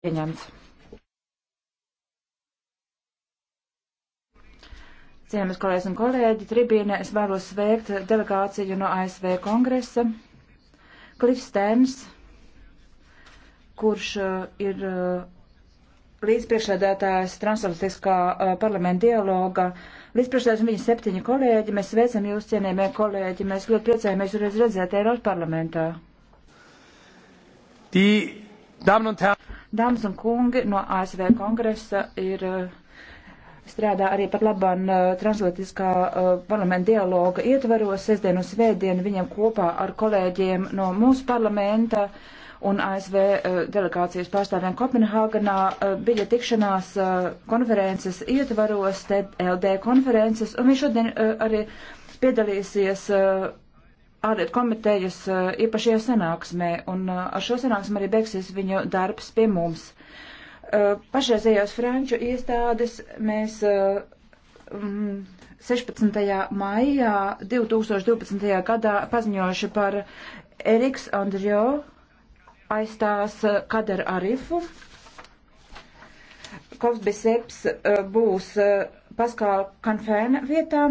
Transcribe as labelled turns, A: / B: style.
A: Pieņemts. Cienījamies kolēģis un kolēģi, tribīnē es vēlos sveikt delegāciju no ASV kongresa. Klifs Stēns, kurš uh, ir uh, līdzpriekšēdētājs transatlantiskā uh, parlamenta dialoga. Līdzpriekšēdētājs un viņa septiņi kolēģi. Mēs sveicam jūs, cienījamie kolēģi. Mēs ļoti priecājamies jūs redzēt Eiropas parlamentā.
B: Die Damen und Herren. Dāmas
A: un kungi no ASV kongresa ir eh, strādā arī pat labāk eh, transatlantiskā eh, parlamenta dialoga ietvaros. Sestdien un svētdien viņam kopā ar kolēģiem no mūsu parlamenta un ASV delegācijas pārstāvjiem Kopenhāganā bija tikšanās konferences ietvaros, TED LD konferences, un viņš šodien arī piedalīsies ārlietu komitejas eh, īpašajā sanāksmē, un eh, ar šo sanāksmu arī beigsies viņa darbs pie mums. Eh, pašreizējās franču iestādes mēs 16. Mm, maijā 2012. gadā paziņojuši par Eriks Andrjo aizstās Kadar Arifu. Kovs Biseps būs Paskāla Kanfēna vietā.